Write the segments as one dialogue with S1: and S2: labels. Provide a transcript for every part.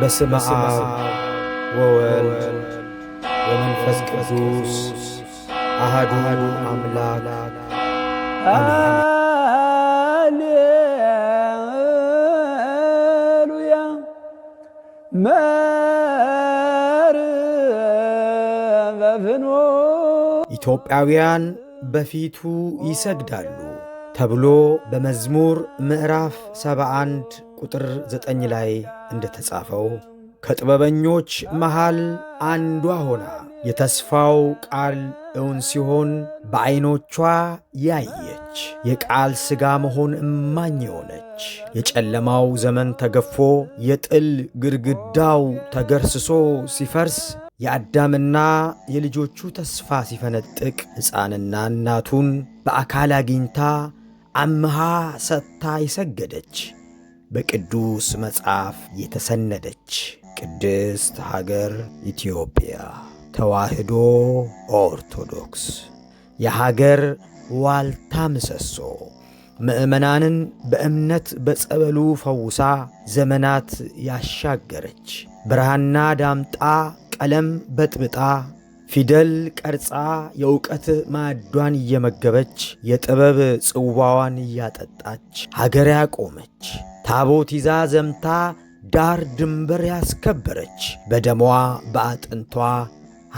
S1: በስመ አብ ወወልድ ወመንፈስ ቅዱስ አሐዱ አምላክ
S2: ሃሌሉያ። መርሐበ ፍኖት
S1: ኢትዮጵያውያን በፊቱ ይሰግዳሉ ተብሎ በመዝሙር ምዕራፍ 71 ቁጥር ዘጠኝ ላይ እንደተጻፈው ከጥበበኞች መሃል አንዷ ሆና የተስፋው ቃል እውን ሲሆን በዐይኖቿ ያየች የቃል ሥጋ መሆን እማኝ የሆነች የጨለማው ዘመን ተገፎ የጥል ግድግዳው ተገርስሶ ሲፈርስ የአዳምና የልጆቹ ተስፋ ሲፈነጥቅ ሕፃንና እናቱን በአካል አግኝታ አምሃ ሰጥታ ይሰገደች በቅዱስ መጽሐፍ የተሰነደች ቅድስት ሀገር ኢትዮጵያ ተዋህዶ ኦርቶዶክስ የሀገር ዋልታ ምሰሶ ምዕመናንን በእምነት በጸበሉ ፈውሳ ዘመናት ያሻገረች ብርሃና ዳምጣ ቀለም በጥብጣ ፊደል ቀርጻ የእውቀት ማዕዷን እየመገበች የጥበብ ጽዋዋን እያጠጣች ሀገር ያቆመች ታቦት ይዛ ዘምታ ዳር ድንበር ያስከበረች፣ በደሟ በአጥንቷ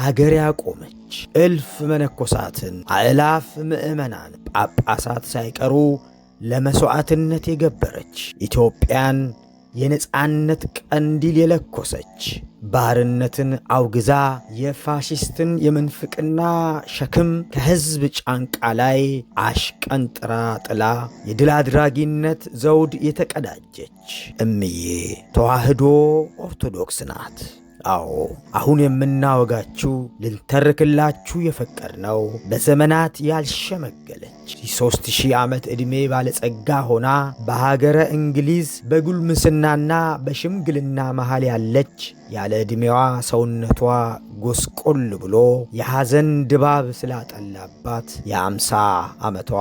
S1: አገር ያቆመች፣ እልፍ መነኮሳትን አእላፍ ምዕመናን ጳጳሳት ሳይቀሩ ለመሥዋዕትነት የገበረች ኢትዮጵያን የነፃነት ቀንዲል የለኮሰች ባርነትን አውግዛ የፋሽስትን የምንፍቅና ሸክም ከሕዝብ ጫንቃ ላይ አሽቀንጥራ ጥላ የድል አድራጊነት ዘውድ የተቀዳጀች እምዬ ተዋህዶ ኦርቶዶክስ ናት። አዎ አሁን የምናወጋችሁ ልንተርክላችሁ ነው! በዘመናት ያልሸመገለች የሦስት ሺህ ዓመት ዕድሜ ባለጸጋ ሆና በሀገረ እንግሊዝ በጉልምስናና በሽምግልና መሃል ያለች ያለ ዕድሜዋ ሰውነቷ ጎስቆል ብሎ የሐዘን ድባብ ስላጠላባት የአምሳ ዓመቷ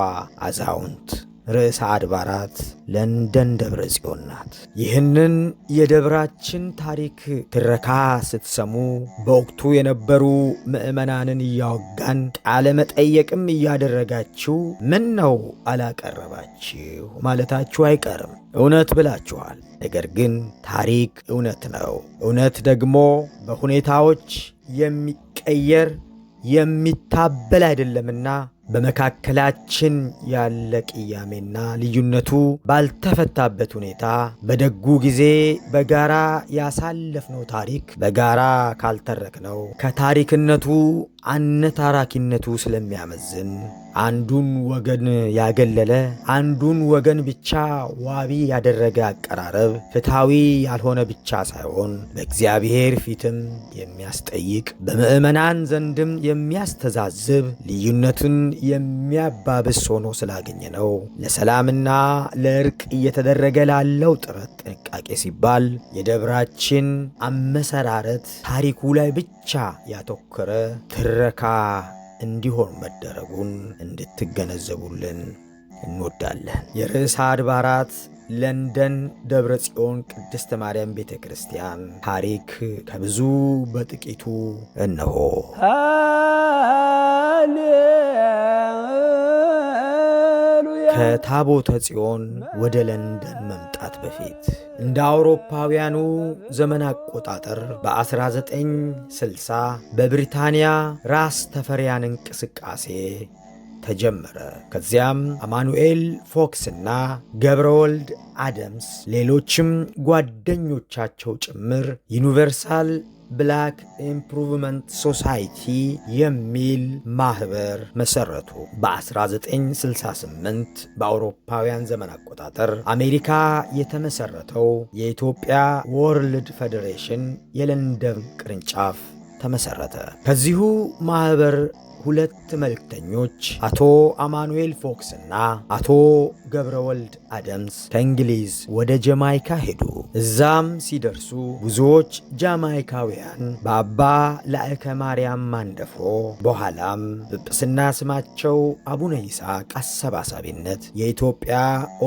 S1: አዛውንት ርዕሰ አድባራት ለንደን ደብረ ጽዮን ናት። ይህንን የደብራችን ታሪክ ትረካ ስትሰሙ በወቅቱ የነበሩ ምዕመናንን እያወጋን ቃለ መጠየቅም እያደረጋችሁ ምን ነው አላቀረባችሁ ማለታችሁ አይቀርም። እውነት ብላችኋል። ነገር ግን ታሪክ እውነት ነው። እውነት ደግሞ በሁኔታዎች የሚቀየር የሚታበል አይደለምና በመካከላችን ያለ ቅያሜና ልዩነቱ ባልተፈታበት ሁኔታ በደጉ ጊዜ በጋራ ያሳለፍነው ታሪክ በጋራ ካልተረክነው ከታሪክነቱ አነታራኪነቱ ስለሚያመዝን አንዱን ወገን ያገለለ አንዱን ወገን ብቻ ዋቢ ያደረገ አቀራረብ ፍትሐዊ ያልሆነ ብቻ ሳይሆን በእግዚአብሔር ፊትም የሚያስጠይቅ በምዕመናን ዘንድም የሚያስተዛዝብ ልዩነቱን የሚያባብስ ሆኖ ስላገኘ ነው። ለሰላምና ለእርቅ እየተደረገ ላለው ጥረት ጥንቃቄ ሲባል የደብራችን አመሰራረት ታሪኩ ላይ ብቻ ያተኮረ ትረካ እንዲሆን መደረጉን እንድትገነዘቡልን እንወዳለን። የርዕሰ አድባራት ለንደን ደብረ ጽዮን ቅድስት ማርያም ቤተ ክርስቲያን ታሪክ ከብዙ በጥቂቱ እነሆ። ከታቦተ ጽዮን ወደ ለንደን መምጣት በፊት እንደ አውሮፓውያኑ ዘመን አቆጣጠር በ1960 በብሪታንያ ራስ ተፈሪያን እንቅስቃሴ ተጀመረ። ከዚያም አማኑኤል ፎክስና ገብረወልድ አደምስ ሌሎችም ጓደኞቻቸው ጭምር ዩኒቨርሳል ብላክ ኢምፕሩቭመንት ሶሳይቲ የሚል ማህበር መሰረቱ። በ1968 በአውሮፓውያን ዘመን አቆጣጠር አሜሪካ የተመሰረተው የኢትዮጵያ ወርልድ ፌዴሬሽን የለንደን ቅርንጫፍ ተመሰረተ። ከዚሁ ማህበር ሁለት መልእክተኞች አቶ አማኑኤል ፎክስ እና አቶ ገብረ ወልድ አደምስ ከእንግሊዝ ወደ ጀማይካ ሄዱ። እዛም ሲደርሱ ብዙዎች ጃማይካውያን በአባ ላዕከ ማርያም ማንደፍሮ በኋላም ጵጵስና ስማቸው አቡነ ይስሐቅ አሰባሳቢነት የኢትዮጵያ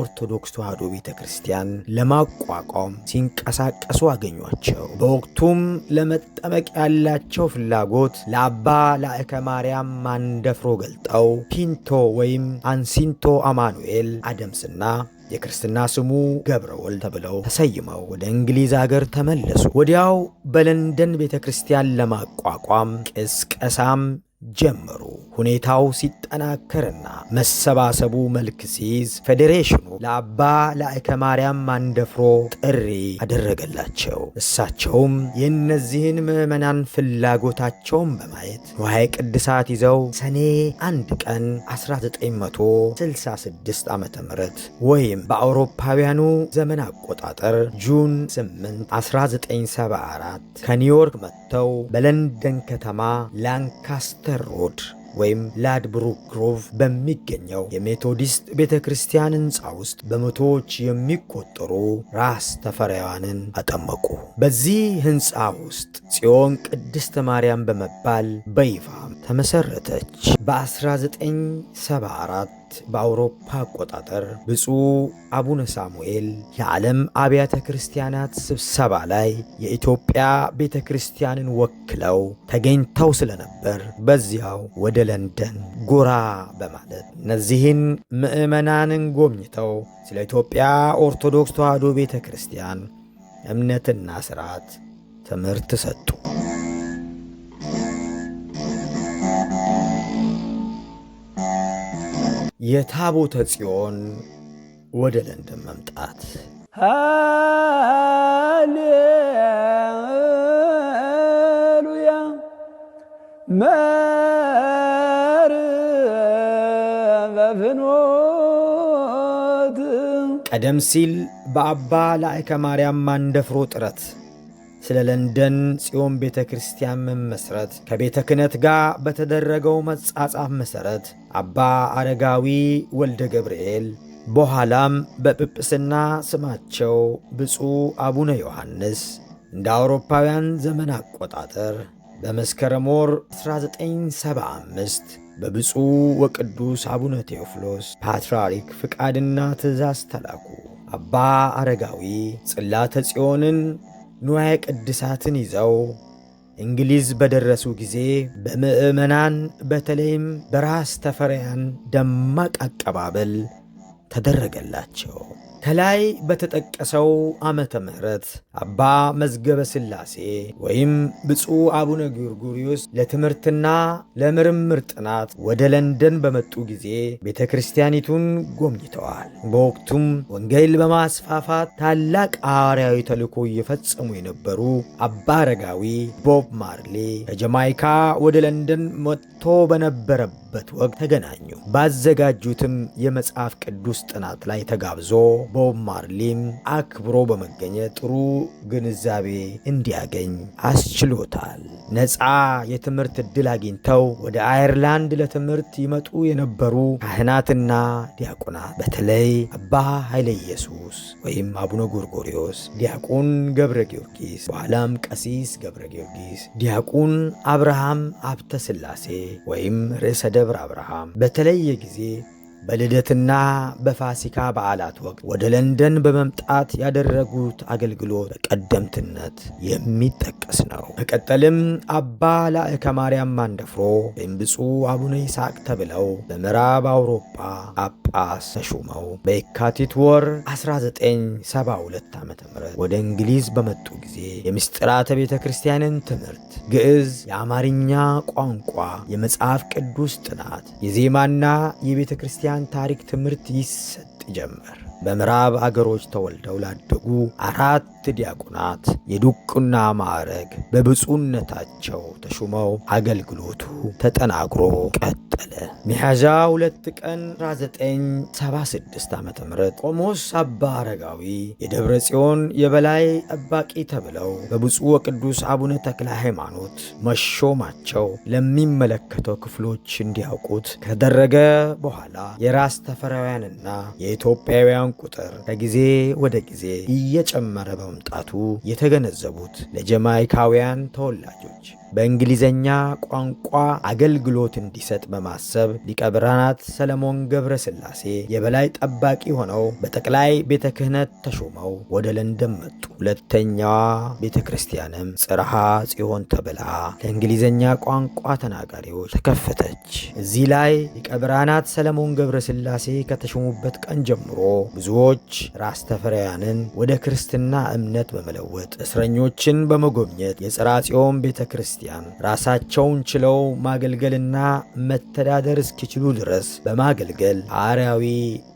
S1: ኦርቶዶክስ ተዋሕዶ ቤተ ክርስቲያን ለማቋቋም ሲንቀሳቀሱ አገኟቸው። በወቅቱም ለመጠመቅ ያላቸው ፍላጎት ለአባ ላእከ ማርያም ማንደፍሮ ገልጠው ፒንቶ ወይም አንሲንቶ አማኑኤል አደምስና የክርስትና ስሙ ገብረወል ተብለው ተሰይመው ወደ እንግሊዝ አገር ተመለሱ። ወዲያው በለንደን ቤተ ክርስቲያን ለማቋቋም ቅስቀሳም ጀመሩ። ሁኔታው ሲጠናከርና መሰባሰቡ መልክ ሲይዝ ፌዴሬሽኑ ለአባ ላዕከ ማርያም ማንደፍሮ ጥሪ አደረገላቸው። እሳቸውም የእነዚህን ምዕመናን ፍላጎታቸውን በማየት ንዋየ ቅድሳት ይዘው ሰኔ አንድ ቀን 1966 ዓ ም ወይም በአውሮፓውያኑ ዘመን አቆጣጠር ጁን 8 1974 ከኒውዮርክ መጥተው በለንደን ከተማ ላንካስተር ሮድ ወይም ላድብሩክ ግሮቭ በሚገኘው የሜቶዲስት ቤተ ክርስቲያን ህንፃ ውስጥ በመቶዎች የሚቆጠሩ ራስ ተፈሪያዋንን አጠመቁ። በዚህ ህንፃ ውስጥ ጽዮን ቅድስተ ማርያም በመባል በይፋ ተመሰረተች። በ1974 በአውሮፓ አቆጣጠር ብፁዕ አቡነ ሳሙኤል የዓለም አብያተ ክርስቲያናት ስብሰባ ላይ የኢትዮጵያ ቤተ ክርስቲያንን ወክለው ተገኝተው ስለነበር በዚያው ወደ ለንደን ጎራ በማለት እነዚህን ምዕመናንን ጎብኝተው ስለ ኢትዮጵያ ኦርቶዶክስ ተዋሕዶ ቤተ ክርስቲያን እምነትና ሥርዓት ትምህርት ሰጡ። የታቦተ ጽዮን ወደ ለንደን መምጣት
S2: ሃሌሉያ
S1: ቀደም ሲል በአባ ላይከ ማርያም ማንደፍሮ ጥረት ስለ ለንደን ጽዮን ቤተ ክርስቲያን መመስረት ከቤተ ክህነት ጋር በተደረገው መጻጻፍ መሠረት አባ አረጋዊ ወልደ ገብርኤል በኋላም በጵጵስና ስማቸው ብፁዕ አቡነ ዮሐንስ እንደ አውሮፓውያን ዘመን አቆጣጠር በመስከረም ወር 1975 በብፁዕ ወቅዱስ አቡነ ቴዎፍሎስ ፓትርያርክ ፍቃድና ትእዛዝ ተላኩ። አባ አረጋዊ ጽላተ ጽዮንን ንዋየ ቅድሳትን ይዘው እንግሊዝ በደረሱ ጊዜ በምዕመናን በተለይም በራስ ተፈሪያን ደማቅ አቀባበል ተደረገላቸው። ከላይ በተጠቀሰው ዓመተ ምሕረት አባ መዝገበ ሥላሴ ወይም ብፁዕ አቡነ ጊዮርጊዮስ ለትምህርትና ለምርምር ጥናት ወደ ለንደን በመጡ ጊዜ ቤተ ክርስቲያኒቱን ጎብኝተዋል። በወቅቱም ወንጌል በማስፋፋት ታላቅ ሐዋርያዊ ተልእኮ እየፈጸሙ የነበሩ አባ አረጋዊ ቦብ ማርሌ ከጀማይካ ወደ ለንደን መጥቶ በነበረበት በነበሩበት ወቅት ተገናኙ። ባዘጋጁትም የመጽሐፍ ቅዱስ ጥናት ላይ ተጋብዞ ቦብ ማርሊም አክብሮ በመገኘት ጥሩ ግንዛቤ እንዲያገኝ አስችሎታል። ነፃ የትምህርት ዕድል አግኝተው ወደ አየርላንድ ለትምህርት ይመጡ የነበሩ ካህናትና ዲያቆናት በተለይ አባ ኃይለ ኢየሱስ ወይም አቡነ ጎርጎሪዮስ፣ ዲያቆን ገብረ ጊዮርጊስ በኋላም ቀሲስ ገብረ ጊዮርጊስ፣ ዲያቆን አብርሃም አብተ ስላሴ ወይም ርዕሰ ደብረ አብርሃም በተለየ ጊዜ በልደትና በፋሲካ በዓላት ወቅት ወደ ለንደን በመምጣት ያደረጉት አገልግሎት በቀደምትነት የሚጠቀስ ነው። በቀጠልም አባ ላእከ ማርያም ማንደፍሮ ወይም ብፁዕ አቡነ ይስሐቅ ተብለው በምዕራብ አውሮፓ ጳጳስ ተሹመው በየካቲት ወር 1972 ዓ ም ወደ እንግሊዝ በመጡ ጊዜ የምስጢራተ ቤተ ክርስቲያንን ትምህርት፣ ግዕዝ፣ የአማርኛ ቋንቋ፣ የመጽሐፍ ቅዱስ ጥናት፣ የዜማና የቤተ ክርስቲያን የክርስቲያን ታሪክ ትምህርት ይሰጥ ጀመር። በምዕራብ አገሮች ተወልደው ላደጉ አራት ዲያቆናት የዱቁና ማዕረግ በብፁዕነታቸው ተሹመው አገልግሎቱ ተጠናክሮ ቀጠለ። ሚያዝያ ሁለት ቀን 1976 ዓ ም ቆሞስ አባ አረጋዊ የደብረ ጽዮን የበላይ ጠባቂ ተብለው በብፁዕ ወቅዱስ አቡነ ተክለ ሃይማኖት መሾማቸው ለሚመለከተው ክፍሎች እንዲያውቁት ከደረገ በኋላ የራስ ተፈራውያንና የኢትዮጵያውያን ቁጥር ከጊዜ ወደ ጊዜ እየጨመረ በመምጣቱ የተገነዘቡት ለጀማይካውያን ተወላጆች በእንግሊዘኛ ቋንቋ አገልግሎት እንዲሰጥ በማሰብ ሊቀ ብርሃናት ሰለሞን ገብረ ሥላሴ የበላይ ጠባቂ ሆነው በጠቅላይ ቤተ ክህነት ተሾመው ወደ ለንደን መጡ። ሁለተኛዋ ቤተ ክርስቲያንም ጽርሃ ጽዮን ተብላ ለእንግሊዘኛ ቋንቋ ተናጋሪዎች ተከፈተች። እዚህ ላይ ሊቀ ብርሃናት ሰለሞን ገብረ ሥላሴ ከተሾሙበት ቀን ጀምሮ ብዙዎች ራስ ተፈሪያንን ወደ ክርስትና እምነት በመለወጥ እስረኞችን በመጎብኘት የጽርሐ ጽዮን ቤተ ክርስቲያን ራሳቸውን ችለው ማገልገልና መተዳደር እስኪችሉ ድረስ በማገልገል ሐዋርያዊ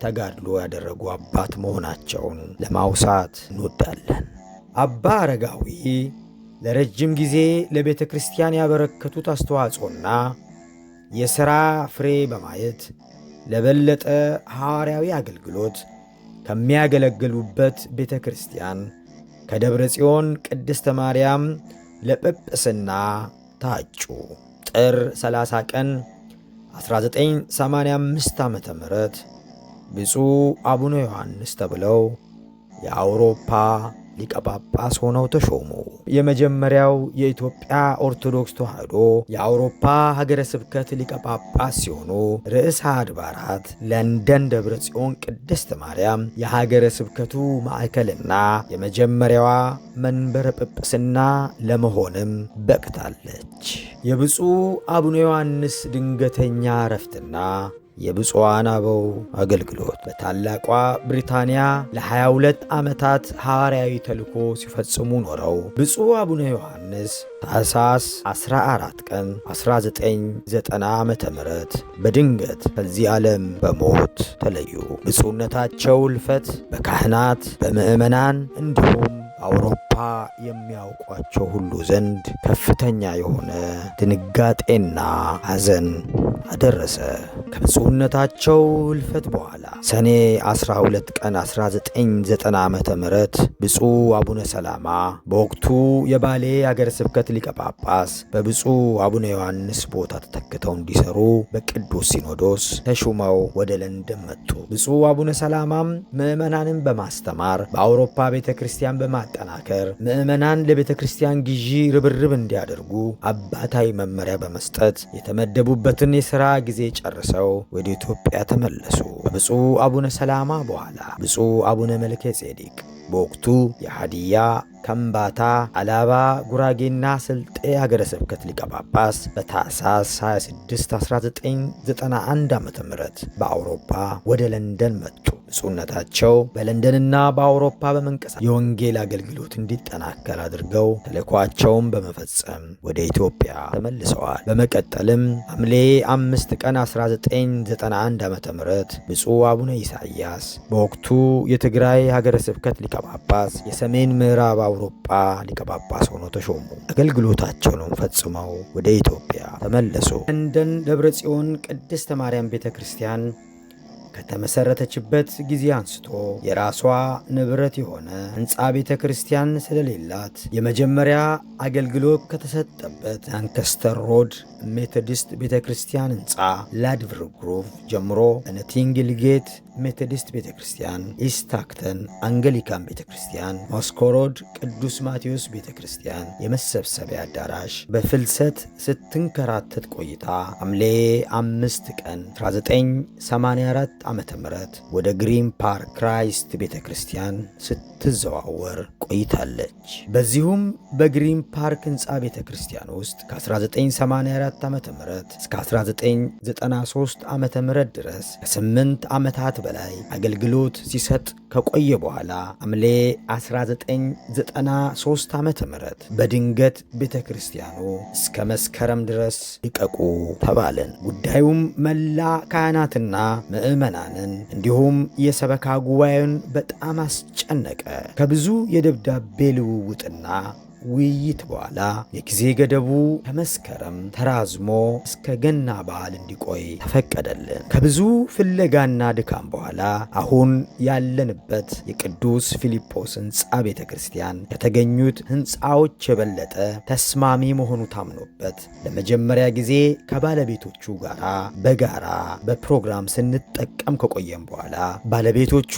S1: ተጋድሎ ያደረጉ አባት መሆናቸውን ለማውሳት እንወዳለን። አባ አረጋዊ ለረጅም ጊዜ ለቤተ ክርስቲያን ያበረከቱት አስተዋጽኦና የሥራ ፍሬ በማየት ለበለጠ ሐዋርያዊ አገልግሎት ከሚያገለግሉበት ቤተ ክርስቲያን ከደብረ ጽዮን ቅድስተ ማርያም ለጵጵስና ታጩ። ጥር 30 ቀን 1985 ዓ ም ብፁዕ አቡነ ዮሐንስ ተብለው የአውሮፓ ሊቀ ጳጳስ ሆነው ተሾሙ። የመጀመሪያው የኢትዮጵያ ኦርቶዶክስ ተዋሕዶ የአውሮፓ ሀገረ ስብከት ሊቀ ጳጳስ ሲሆኑ ርዕሰ አድባራት ለንደን ደብረ ጽዮን ቅድስት ማርያም የሀገረ ስብከቱ ማዕከልና የመጀመሪያዋ መንበረ ጵጵስና ለመሆንም በቅታለች። የብፁዕ አቡነ ዮሐንስ ድንገተኛ እረፍትና የብፁዓን አበው አገልግሎት በታላቋ ብሪታንያ ለ22 ዓመታት ሐዋርያዊ ተልኮ ሲፈጽሙ ኖረው ብፁዕ አቡነ ዮሐንስ ታኅሳስ 14 ቀን 1990 ዓ ም በድንገት ከዚህ ዓለም በሞት ተለዩ። ብፁዕነታቸው እልፈት በካህናት በምዕመናን እንዲሁም አውሮፓ የሚያውቋቸው ሁሉ ዘንድ ከፍተኛ የሆነ ድንጋጤና ሐዘን አደረሰ። ከብፁዕነታቸው ህልፈት በኋላ ሰኔ 12 ቀን 1990 ዓ ም ብፁዕ አቡነ ሰላማ በወቅቱ የባሌ አገረ ስብከት ሊቀ ጳጳስ በብፁዕ አቡነ ዮሐንስ ቦታ ተተክተው እንዲሰሩ በቅዱስ ሲኖዶስ ተሹመው ወደ ለንደን መጡ። ብፁዕ አቡነ ሰላማም ምዕመናንን በማስተማር በአውሮፓ ቤተ ክርስቲያን በማ በማጠናከር ምዕመናን ለቤተ ክርስቲያን ግዢ ርብርብ እንዲያደርጉ አባታዊ መመሪያ በመስጠት የተመደቡበትን የሥራ ጊዜ ጨርሰው ወደ ኢትዮጵያ ተመለሱ። ከብፁዕ አቡነ ሰላማ በኋላ ብፁዕ አቡነ መልከ ጼዴቅ በወቅቱ የሃዲያ ከምባታ፣ አላባ፣ ጉራጌና ስልጤ ሀገረ ስብከት ሊቀ ጳጳስ በታህሳስ 26 1991 ዓ ም በአውሮፓ ወደ ለንደን መጡ። ብፁዕነታቸው በለንደንና በአውሮፓ በመንቀሳ የወንጌል አገልግሎት እንዲጠናከር አድርገው ተልእኳቸውን በመፈጸም ወደ ኢትዮጵያ ተመልሰዋል። በመቀጠልም ሐምሌ 5 ቀን 1991 ዓ ም ብፁዕ አቡነ ኢሳያስ በወቅቱ የትግራይ ሀገረ ስብከት ሊቀ ጳጳስ የሰሜን ምዕራብ የአውሮፓ ሊቀ ጳጳስ ሆነው ተሾሙ። አገልግሎታቸውንም ፈጽመው ወደ ኢትዮጵያ ተመለሱ። ለንደን ደብረ ጽዮን ቅድስተ ማርያም ቤተ ክርስቲያን ከተመሰረተችበት ጊዜ አንስቶ የራሷ ንብረት የሆነ ሕንፃ ቤተ ክርስቲያን ስለሌላት የመጀመሪያ አገልግሎት ከተሰጠበት ላንከስተር ሮድ ሜቶዲስት ቤተ ክርስቲያን ሕንፃ ላድቨርግሮቭ ጀምሮ ነቲንግል ጌት ሜቶዲስት ቤተ ክርስቲያን፣ ኢስታክተን አንገሊካን ቤተ ክርስቲያን፣ ሞስኮሮድ ቅዱስ ማቴዎስ ቤተ ክርስቲያን የመሰብሰቢያ አዳራሽ በፍልሰት ስትንከራተት ቆይታ ሐምሌ አምስት ቀን 1984 ዓ ም ወደ ግሪን ፓርክ ክራይስት ቤተ ክርስቲያን ስትዘዋወር ቆይታለች። በዚሁም በግሪን ፓርክ ህንፃ ቤተ ክርስቲያን ውስጥ ከ1984 ዓ ም እስከ 1993 ዓ ም ድረስ ከ8 ዓመታት በላይ አገልግሎት ሲሰጥ ከቆየ በኋላ ሐምሌ 1993 ዓ ም በድንገት ቤተ ክርስቲያኑ እስከ መስከረም ድረስ ይቀቁ ተባልን። ጉዳዩም መላ ካህናትና ምዕመናንን እንዲሁም የሰበካ ጉባኤውን በጣም አስጨነቀ። ከብዙ የደብዳቤ ልውውጥና ውይይት በኋላ የጊዜ ገደቡ ከመስከረም ተራዝሞ እስከ ገና በዓል እንዲቆይ ተፈቀደልን። ከብዙ ፍለጋና ድካም በኋላ አሁን ያለንበት የቅዱስ ፊልጶስ ሕንፃ ቤተ ክርስቲያን ከተገኙት ሕንፃዎች የበለጠ ተስማሚ መሆኑ ታምኖበት ለመጀመሪያ ጊዜ ከባለቤቶቹ ጋራ በጋራ በፕሮግራም ስንጠቀም ከቆየም በኋላ ባለቤቶቹ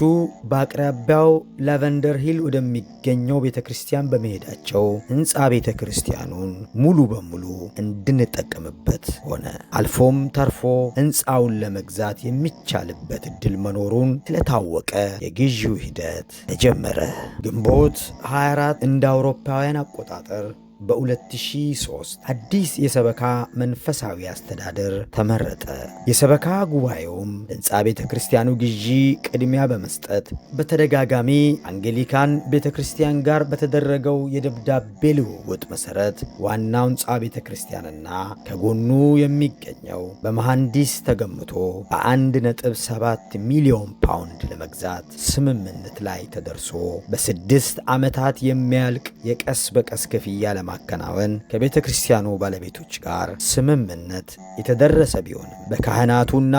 S1: በአቅራቢያው ላቨንደር ሂል ወደሚገኘው ቤተ ክርስቲያን በመሄዳቸው ህንፃ ቤተ ክርስቲያኑን ሙሉ በሙሉ እንድንጠቀምበት ሆነ። አልፎም ተርፎ ህንፃውን ለመግዛት የሚቻልበት እድል መኖሩን ስለታወቀ የግዢው ሂደት ተጀመረ። ግንቦት 24 እንደ አውሮፓውያን አቆጣጠር በ2003 አዲስ የሰበካ መንፈሳዊ አስተዳደር ተመረጠ። የሰበካ ጉባኤውም ለሕንፃ ቤተ ክርስቲያኑ ግዢ ቅድሚያ በመስጠት በተደጋጋሚ አንጌሊካን ቤተ ክርስቲያን ጋር በተደረገው የደብዳቤ ልውውጥ መሠረት ዋናው ሕንፃ ቤተ ክርስቲያንና ከጎኑ የሚገኘው በመሐንዲስ ተገምቶ በ1.7 ሚሊዮን ፓውንድ ለመግዛት ስምምነት ላይ ተደርሶ በስድስት ዓመታት የሚያልቅ የቀስ በቀስ ክፍያ ለማከናወን ከቤተ ክርስቲያኑ ባለቤቶች ጋር ስምምነት የተደረሰ ቢሆንም በካህናቱና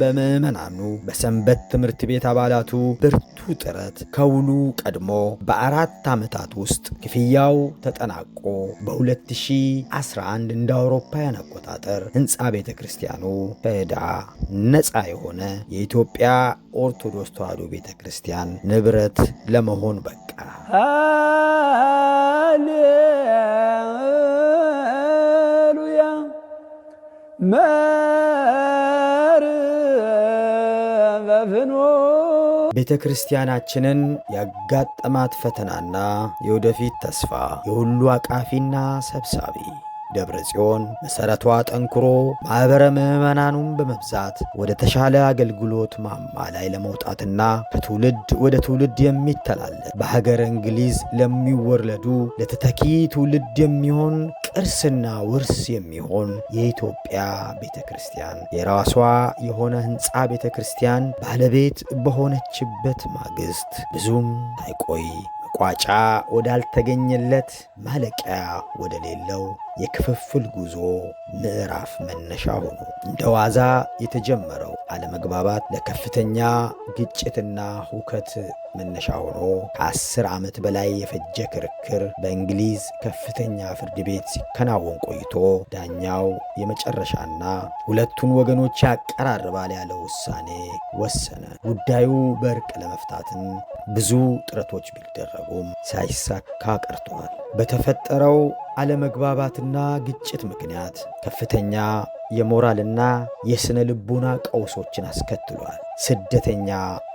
S1: በምዕመናኑ በሰንበት ትምህርት ቤት አባላቱ ብርቱ ጥረት ከውሉ ቀድሞ በአራት ዓመታት ውስጥ ክፍያው ተጠናቆ በ2011 እንደ አውሮፓውያን አቆጣጠር ህንፃ ቤተ ክርስቲያኑ ከዕዳ ነፃ የሆነ የኢትዮጵያ ኦርቶዶክስ ተዋሕዶ ቤተ ክርስቲያን ንብረት ለመሆን በቃ።
S2: ሃሌሉያ መርህ በፍኖ
S1: ቤተ ክርስቲያናችንን ያጋጠማት ፈተናና የወደፊት ተስፋ የሁሉ አቃፊና ሰብሳቢ ደብረ ጽዮን መሠረቷ ጠንክሮ ማኅበረ ምዕመናኑም በመብዛት ወደ ተሻለ አገልግሎት ማማ ላይ ለመውጣትና ከትውልድ ወደ ትውልድ የሚተላለፍ በሀገር እንግሊዝ ለሚወለዱ ለተተኪ ትውልድ የሚሆን ቅርስና ውርስ የሚሆን የኢትዮጵያ ቤተ ክርስቲያን የራሷ የሆነ ሕንፃ ቤተ ክርስቲያን ባለቤት በሆነችበት ማግስት ብዙም አይቆይ መቋጫ ወዳልተገኘለት ማለቂያ ወደሌለው የክፍፍል ጉዞ ምዕራፍ መነሻ ሆኖ እንደ ዋዛ የተጀመረው አለመግባባት ለከፍተኛ ግጭትና ሁከት መነሻ ሆኖ ከአስር ዓመት በላይ የፈጀ ክርክር በእንግሊዝ ከፍተኛ ፍርድ ቤት ሲከናወን ቆይቶ ዳኛው የመጨረሻና ሁለቱን ወገኖች ያቀራርባል ያለ ውሳኔ ወሰነ። ጉዳዩ በእርቅ ለመፍታትም ብዙ ጥረቶች ቢደረጉም ሳይሳካ ቀርተዋል። በተፈጠረው አለመግባባትና ግጭት ምክንያት ከፍተኛ የሞራልና የሥነ ልቡና ቀውሶችን አስከትሏል። ስደተኛ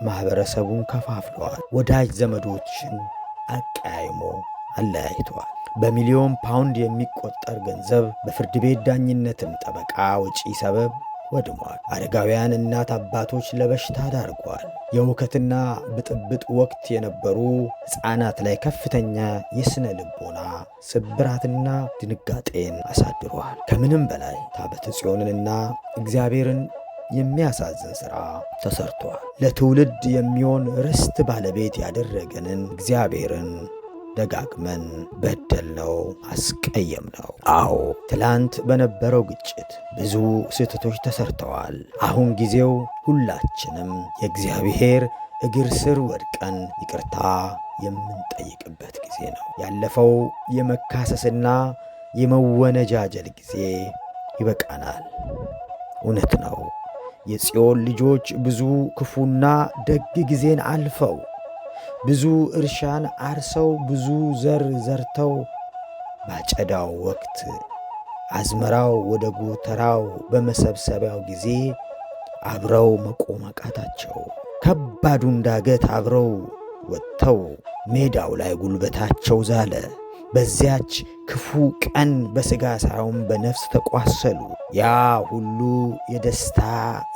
S1: ማኅበረሰቡን ከፋፍለዋል። ወዳጅ ዘመዶችን አቀያይሞ አለያይተዋል። በሚሊዮን ፓውንድ የሚቆጠር ገንዘብ በፍርድ ቤት ዳኝነትም ጠበቃ ወጪ ሰበብ ወድሟል። አረጋውያን እናት አባቶች ለበሽታ ዳርጓል። የውከትና ብጥብጥ ወቅት የነበሩ ሕፃናት ላይ ከፍተኛ የሥነ ልቦና ስብራትና ድንጋጤን አሳድሯል። ከምንም በላይ ታቦተ ጽዮንንና እግዚአብሔርን የሚያሳዝን ሥራ ተሰርቷል። ለትውልድ የሚሆን ርስት ባለቤት ያደረገንን እግዚአብሔርን ደጋግመን በደል ነው፣ አስቀየም ነው። አዎ ትላንት በነበረው ግጭት ብዙ ስህተቶች ተሰርተዋል። አሁን ጊዜው ሁላችንም የእግዚአብሔር እግር ስር ወድቀን ይቅርታ የምንጠይቅበት ጊዜ ነው። ያለፈው የመካሰስና የመወነጃጀል ጊዜ ይበቃናል። እውነት ነው። የጽዮን ልጆች ብዙ ክፉና ደግ ጊዜን አልፈው ብዙ እርሻን አርሰው ብዙ ዘር ዘርተው ባጨዳው ወቅት አዝመራው ወደ ጎተራው በመሰብሰቢያው ጊዜ አብረው መቆም አቃታቸው። ከባዱን ዳገት አብረው ወጥተው ሜዳው ላይ ጉልበታቸው ዛለ። በዚያች ክፉ ቀን በሥጋ ሳይሆን በነፍስ ተቋሰሉ። ያ ሁሉ የደስታ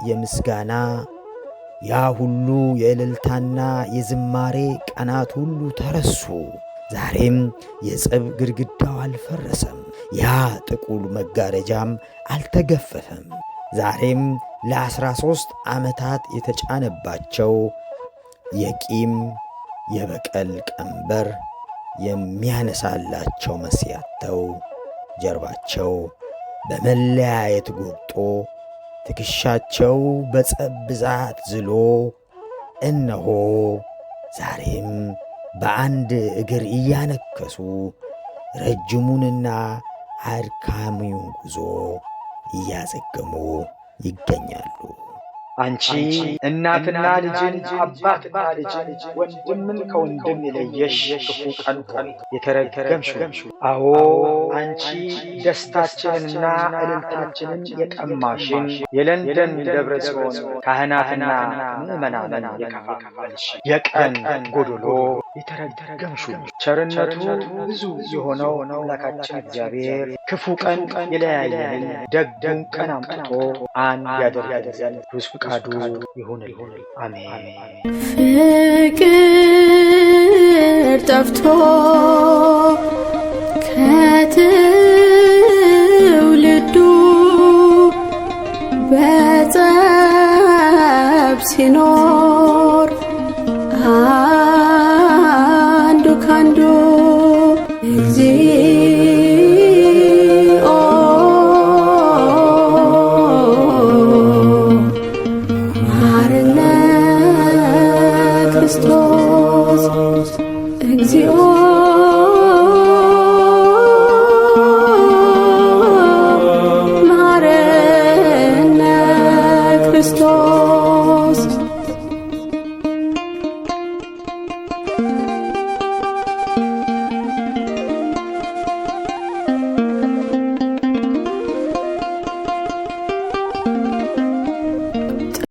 S1: የምስጋና ያ ሁሉ የእልልታና የዝማሬ ቀናት ሁሉ ተረሱ። ዛሬም የጽብ ግድግዳው አልፈረሰም፣ ያ ጥቁር መጋረጃም አልተገፈፈም። ዛሬም ለአስራ ሦስት ዓመታት የተጫነባቸው የቂም የበቀል ቀንበር የሚያነሳላቸው መስያተው ጀርባቸው በመለያየት ጎብጦ ትከሻቸው በጸብ ብዛት ዝሎ እነሆ ዛሬም በአንድ እግር እያነከሱ ረጅሙንና አድካሚውን ጉዞ እያዘገሙ ይገኛሉ። አንቺ እናትና ልጅን አባትና ልጅን ወንድምን ከወንድም የለየሽ ክፉ ቀን የተረገምሽ፣ አዎ አንቺ ደስታችንንና እልልታችንን የቀማሽን የለንደን ደብረ ጽዮን ካህናትና ምዕመናንን የቀን ጎዶሎ የተረገምሹ ቸርነቱ ብዙ የሆነው አምላካችን እግዚአብሔር ክፉ ቀን የለያየንን ደጉን ቀን አምጥቶ አንድ ያደርገን ብዙ ቅዱስ ፍቃዱ ይሁንልን። አሜን።
S2: ፍቅር ጠፍቶ ከትውልዱ በጸብ ሲኖር can't do.